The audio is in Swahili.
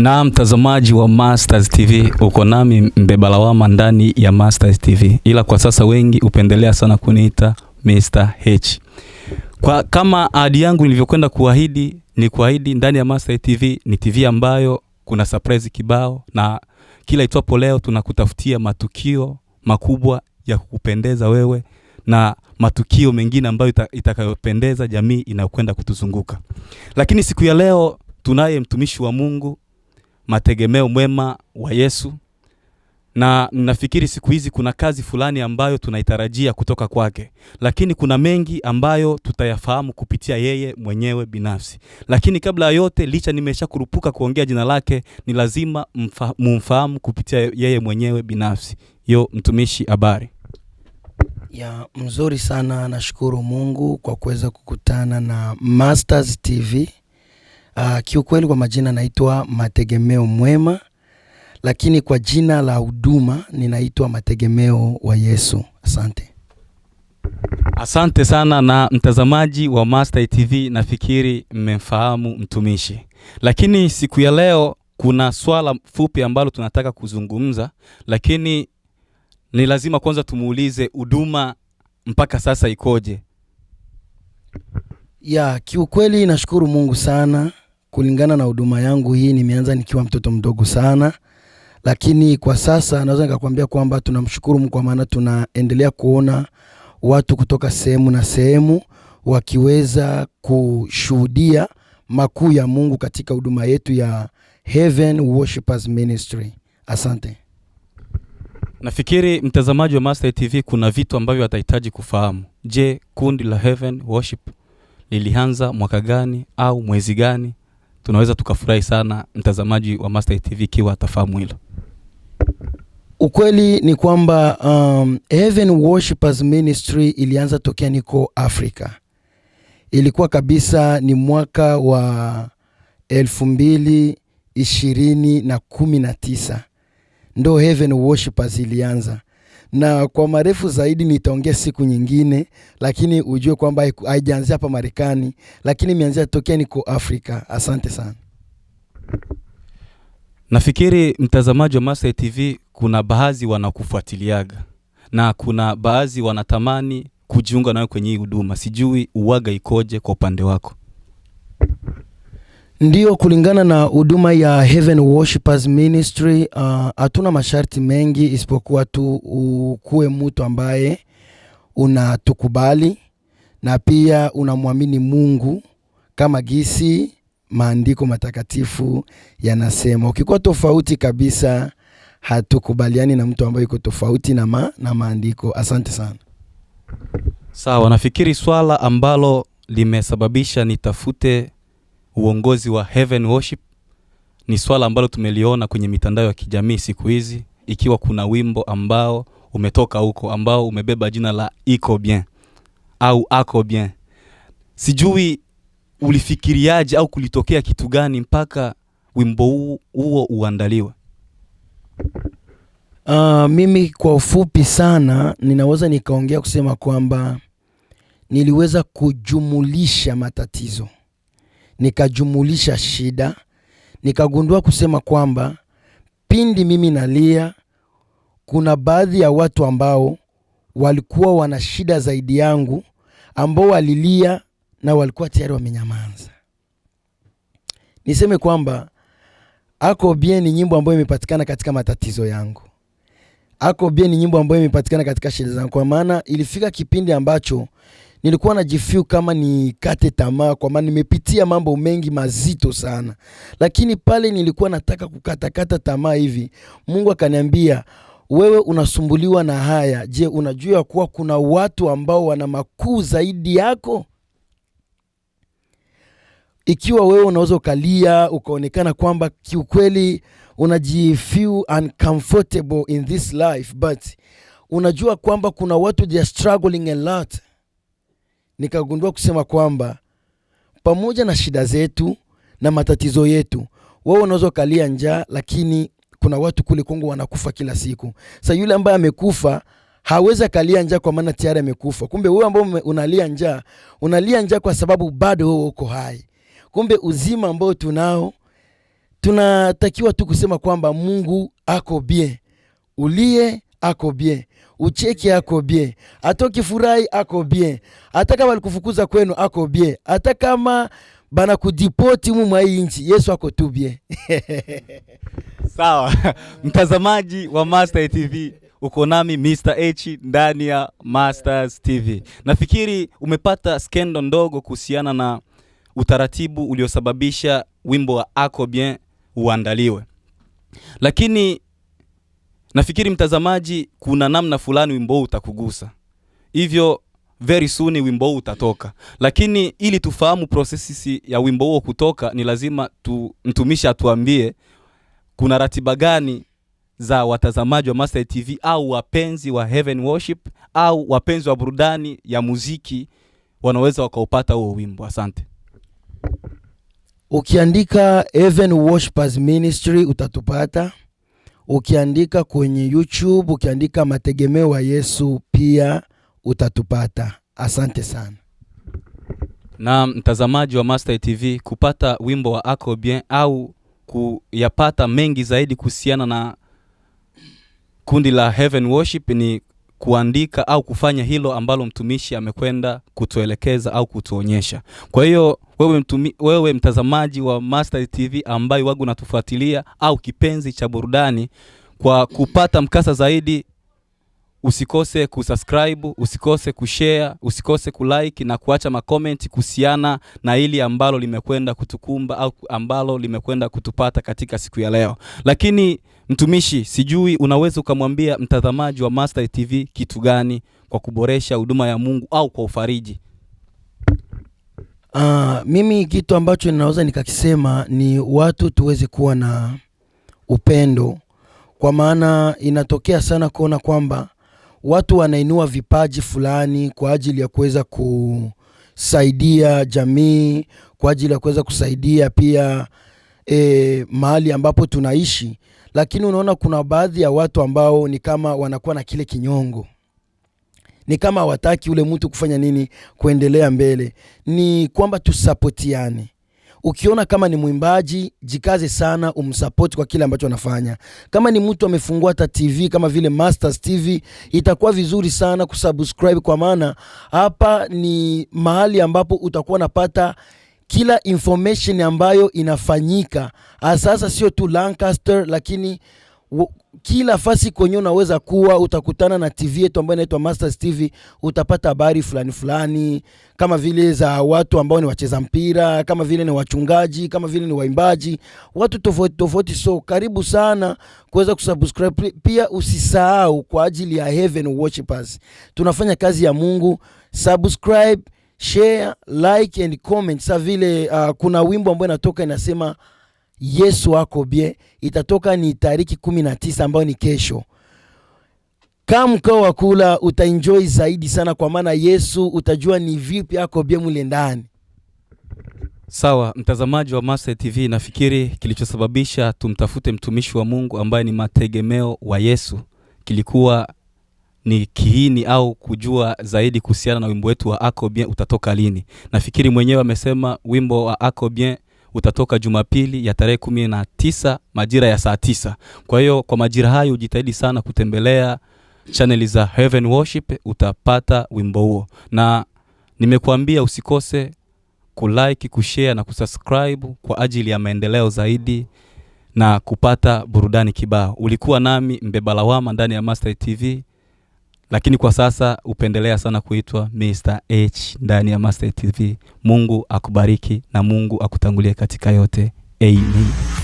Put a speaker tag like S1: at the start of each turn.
S1: Na mtazamaji wa Masters TV, uko nami mbeba lawama ndani ya Masters TV, ila kwa sasa wengi hupendelea sana kuniita Mr. H. Kwa kama ahadi yangu nilivyokwenda kuahidi, ni kuahidi ndani ya Masters TV ni TV ambayo kuna surprise kibao, na kila itwapo leo tunakutafutia matukio makubwa ya kukupendeza wewe na matukio mengine ambayo itakayopendeza jamii inayokwenda kutuzunguka. Lakini siku ya leo tunaye mtumishi wa Mungu mategemeo mwema wa Yesu, na nafikiri siku hizi kuna kazi fulani ambayo tunaitarajia kutoka kwake, lakini kuna mengi ambayo tutayafahamu kupitia yeye mwenyewe binafsi. Lakini kabla ya yote, licha nimeshakurupuka kuongea jina lake, ni lazima mumfahamu kupitia yeye mwenyewe binafsi. Yo mtumishi, habari
S2: ya mzuri sana. Nashukuru Mungu kwa kuweza kukutana na Masters TV Uh, kiukweli kwa majina naitwa Mategemeo Mwema, lakini kwa jina la huduma ninaitwa Mategemeo wa Yesu. Asante.
S1: Asante sana. Na mtazamaji wa Master TV, nafikiri mmemfahamu mtumishi, lakini siku ya leo kuna swala fupi ambalo tunataka kuzungumza, lakini ni lazima kwanza tumuulize huduma mpaka sasa ikoje?
S2: Ya kiukweli nashukuru Mungu sana kulingana na huduma yangu hii nimeanza nikiwa mtoto mdogo sana, lakini kwa sasa naweza nikakwambia kwamba tunamshukuru Mungu kwa maana tunaendelea kuona watu kutoka sehemu na sehemu wakiweza kushuhudia makuu ya Mungu katika huduma yetu ya Heaven Worshipers Ministry. Asante.
S1: Nafikiri mtazamaji wa Master TV kuna vitu ambavyo atahitaji kufahamu. Je, kundi la Heaven Worship lilianza mwaka gani au mwezi gani? tunaweza tukafurahi sana mtazamaji wa Master TV ikiwa atafahamu hilo.
S2: Ukweli ni kwamba um, Heaven Worshipers Ministry ilianza tokea niko Afrika. Ilikuwa kabisa ni mwaka wa elfu mbili ishirini na kumi na tisa ndo Heaven Worshipers ilianza na kwa marefu zaidi nitaongea siku nyingine, lakini ujue kwamba haijaanzia hapa Marekani, lakini imeanzia tokea niko Afrika. Asante sana.
S1: Nafikiri mtazamaji wa Mastaz TV, kuna baadhi wanakufuatiliaga na kuna baadhi wanatamani kujiunga nawe kwenye hii huduma, sijui uwaga ikoje kwa upande wako?
S2: Ndiyo, kulingana na huduma ya Heaven Worshipers Ministry uh, hatuna uh, masharti mengi isipokuwa tu ukuwe mtu ambaye unatukubali na pia unamwamini Mungu kama gisi maandiko matakatifu yanasema. Ukikuwa tofauti kabisa, hatukubaliani na mtu ambaye yuko tofauti na, ma, na maandiko. Asante sana.
S1: Sawa, nafikiri swala ambalo limesababisha nitafute uongozi wa Heaven Worship ni swala ambalo tumeliona kwenye mitandao ya kijamii siku hizi, ikiwa kuna wimbo ambao umetoka huko ambao umebeba jina la iko bien au ako bien. Sijui ulifikiriaje au kulitokea kitu gani mpaka wimbo huo uandaliwe?
S2: Uh, mimi kwa ufupi sana ninaweza nikaongea kusema kwamba niliweza kujumulisha matatizo nikajumulisha shida, nikagundua kusema kwamba pindi mimi nalia, kuna baadhi ya watu ambao walikuwa wana shida zaidi yangu, ambao walilia na walikuwa tayari wamenyamaza. Niseme kwamba Ako Bien ni nyimbo ambayo imepatikana katika matatizo yangu. Ako Bien ni nyimbo ambayo imepatikana katika shida zangu, kwa maana ilifika kipindi ambacho nilikuwa na jifiu kama kate tamaa, kwa maana nimepitia mambo mengi mazito sana, lakini pale nilikuwa nataka kukatakata tamaa hivi, Mungu akaniambia wewe unasumbuliwa na haya. Je, unajua kuwa kuna watu ambao wana makuu zaidi yako? Ikiwa wewe unaweza ukalia ukaonekana kwamba kiukweli unajifeel uncomfortable in this life, but unajua kwamba kuna watu they are struggling a lot nikagundua kusema kwamba pamoja na shida zetu na matatizo yetu, wao unaweza kalia njaa, lakini kuna watu kule Kongo wanakufa kila siku. Sasa yule ambaye amekufa hawezi akalia njaa kwa maana tayari amekufa. Kumbe wewe ambao unalia njaa, unalia njaa kwa sababu bado wewe uko hai. Kumbe uzima ambao tunao, tunatakiwa tu kusema kwamba Mungu ako bien, ulie ako bien ucheki ako bien, hata ukifurahi ako bien, hata kama alikufukuza kwenu ako bien, hata kama bana kudipoti mu mwa inchi, Yesu ako tu bien.
S1: Sawa mtazamaji wa Master TV, uko nami Mr. H ndani ya Masters TV. Nafikiri umepata skendo ndogo kuhusiana na utaratibu uliosababisha wimbo wa Ako Bien uandaliwe, lakini Nafikiri mtazamaji, kuna namna fulani wimbo huu utakugusa, hivyo very soon wimbo huu utatoka, lakini ili tufahamu process ya wimbo huo kutoka, ni lazima tu, mtumishi atuambie kuna ratiba gani za watazamaji wa Master TV au wapenzi wa Heaven Worship au wapenzi wa burudani ya muziki wanaweza wakaupata huo wimbo. Asante.
S2: Ukiandika Heaven Worshipers Ministry utatupata. Ukiandika kwenye YouTube, ukiandika mategemeo ya Yesu pia utatupata. Asante sana.
S1: Na mtazamaji wa Master TV, kupata wimbo wa Ako Bien au kuyapata mengi zaidi kuhusiana na kundi la Heaven Worship ni kuandika au kufanya hilo ambalo mtumishi amekwenda kutuelekeza au kutuonyesha. Kwa hiyo wewe, wewe mtazamaji wa Master TV ambaye wagu natufuatilia au kipenzi cha burudani, kwa kupata mkasa zaidi usikose kusubscribe, usikose kushare, usikose kulike na kuacha makomenti kuhusiana na hili ambalo limekwenda kutukumba au ambalo limekwenda kutupata katika siku ya leo. Lakini Mtumishi, sijui unaweza ukamwambia mtazamaji wa Master TV kitu gani kwa kuboresha huduma ya Mungu au kwa ufariji?
S2: Uh, mimi kitu ambacho ninaweza nikakisema ni watu tuweze kuwa na upendo, kwa maana inatokea sana kuona kwamba watu wanainua vipaji fulani kwa ajili ya kuweza kusaidia jamii, kwa ajili ya kuweza kusaidia pia e, mahali ambapo tunaishi lakini unaona kuna baadhi ya watu ambao ni kama wanakuwa na kile kinyongo, ni kama hawataki ule mtu kufanya nini, kuendelea mbele. Ni kwamba tusapotiane. Ukiona kama ni mwimbaji, jikaze sana umsapoti kwa kile ambacho anafanya. Kama ni mtu amefungua hata TV kama vile Masters TV, itakuwa vizuri sana kusubscribe, kwa maana hapa ni mahali ambapo utakuwa unapata kila information ambayo inafanyika ah, sasa, sio tu Lancaster, lakini kila fasi kwenye unaweza kuwa utakutana na TV yetu ambayo inaitwa Masters TV. Utapata habari fulani fulani kama vile za watu ambao ni wacheza mpira, kama vile ni wachungaji, kama vile ni waimbaji, watu tofauti tofauti. So karibu sana kuweza kusubscribe. Pia usisahau kwa ajili ya Heaven Worshipers, tunafanya kazi ya Mungu. Subscribe share, like and comment. Sa vile uh, kuna wimbo ambao inatoka inasema Yesu wako bie, itatoka ni tariki kumi na tisa ambayo ni kesho. Kama mkao wa kula utaenjoy zaidi sana, kwa maana Yesu utajua ni vipi yako bie mule ndani.
S1: Sawa mtazamaji wa Mastaz TV, nafikiri kilichosababisha tumtafute mtumishi wa Mungu ambaye ni mategemeo wa Yesu kilikuwa ni kiini au kujua zaidi kuhusiana na wimbo wetu wa Ako Bien utatoka lini. Nafikiri mwenyewe amesema wimbo wa Ako Bien utatoka Jumapili ya tarehe kumi na tisa majira ya saa tisa. Kwa hiyo kwa majira hayo ujitahidi sana kutembelea chaneli za Heaven Worship, utapata wimbo huo, na nimekuambia usikose kulike, kushare na kusubscribe kwa ajili ya maendeleo zaidi na kupata burudani kibao. Ulikuwa nami Mbeba Lawama ndani ya Master TV lakini kwa sasa hupendelea sana kuitwa Mr. H ndani ya Mastaz TV. Mungu akubariki na Mungu akutangulie katika yote. Amen.